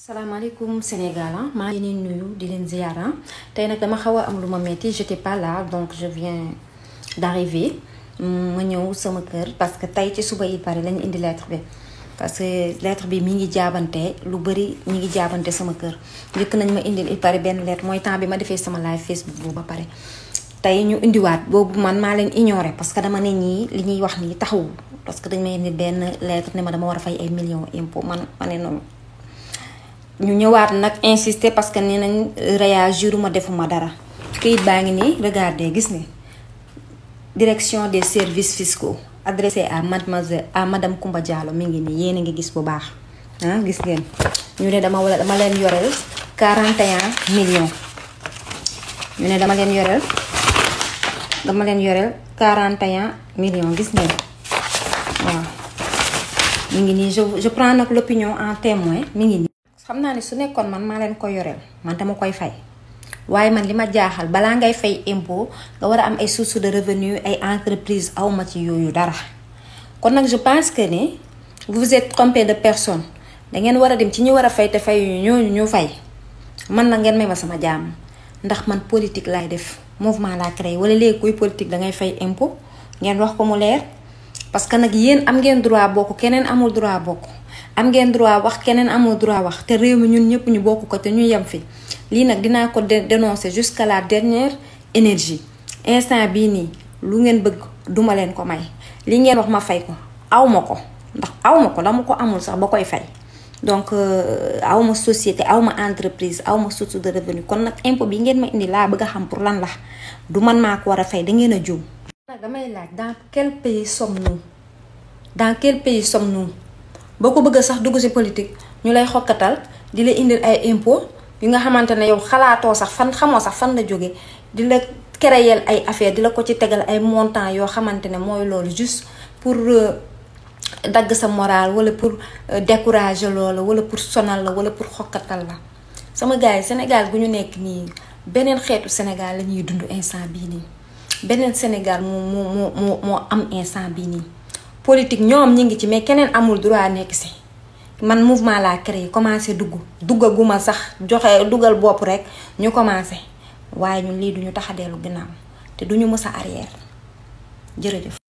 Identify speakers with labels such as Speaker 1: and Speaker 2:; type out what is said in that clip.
Speaker 1: Salam Sénégal Senegal, ah. suis leen nuyu di ah. Je pas là donc je viens d'arriver ma je parce que ci lettre parce que lettre bi mi ngi jaabante lu bëri ngi jaabante sama Je suis nañ ma lettre Je temps ma sama live Facebook ba pare ñu wat man parce que je ne li parce que dañ ma Je lettre ne ma dama Je fay man ñu ñëwaat nag insister parce que nee nañ réagir ma defuma dara këyit baa ngi nii regardez gis ni direction des services fiscaux adressé à mademoiselle à madame Koumba Diallo mi ngi nii yéen a ngi gis bu baax ah gis ngeen ñu ne dama wala dama leen yoreel 41 millions ñu ne dama leen yoreel dama leen yoreel 41 millions gis ngeen waaw mi ngi nii je je prends nag l'opinion en témoin mi ngi nii xamna ni su nekkon man ma len ko yorel man dama koy fay waye man lima jaaxal bala ngay fay impôt nga wara am ay source de revenu ay entreprise awma ci yoyu dara kon nak je pense que ni vous êtes trompé de personne da ngeen wara dem ci ñu wara fay te fay ñooñu ñu fay man na ngeen may ma sama jaam ndax man politique lay def mouvement la créer wala léegi kuy politique da ngay fay impôt ngeen wax ko mu leer parce que nak yeen am ngeen droit bokku kenen amul droit bokku am ngeen droit wax keneen amoo droit wax te réew mi ñun ñëpp ñu bokk ko te ñu yem fi lii nag dinaa ko dénoncer jusqu'à la dernière énergie instant bii nii lu ngeen bëgg duma leen ko may li ngeen wax ma fay ko aw ma ko ndax aw ma ko dama ko amul sax ba koy fay donc euh, aw ma société aw ma entreprise aw ma source de revenu kon nag impôt bi ngeen ma indi laa bëgg a xam pour lan la du man maa ko war a fay da ngeen a juum. damay laaj dans quel pays sommes-nous dans quel pays sommes-nous boo ko bëgg sax dugg si politique ñu lay xokkatal di la indil ay impôt yi nga xamante ne yow xalaatoo sax fan xamoo sax fan la jóge di la créer ay affaire di la ko ci tegal ay montant yoo xamante ne mooy loolu juste pour euh, dagg sa moral wala pour euh, décourage loola wala pour sonal la wala pour xokkatal la sama gars yi Sénégal gu ñu nekk nii beneen xeetu Sénégal la ñuy dund instant bii nii beneen Sénégal moo moo moo moo am instant bii nii politique ñoom ñu ngi ci mais keneen amul droit nekk si man mouvement laa créé commencé dugg duggaguma sax joxe dugal bopp rek ñu commencé waaye ñun lii duñu tax a dellu ginnaaw te duñu mës a arrière jërëjëf.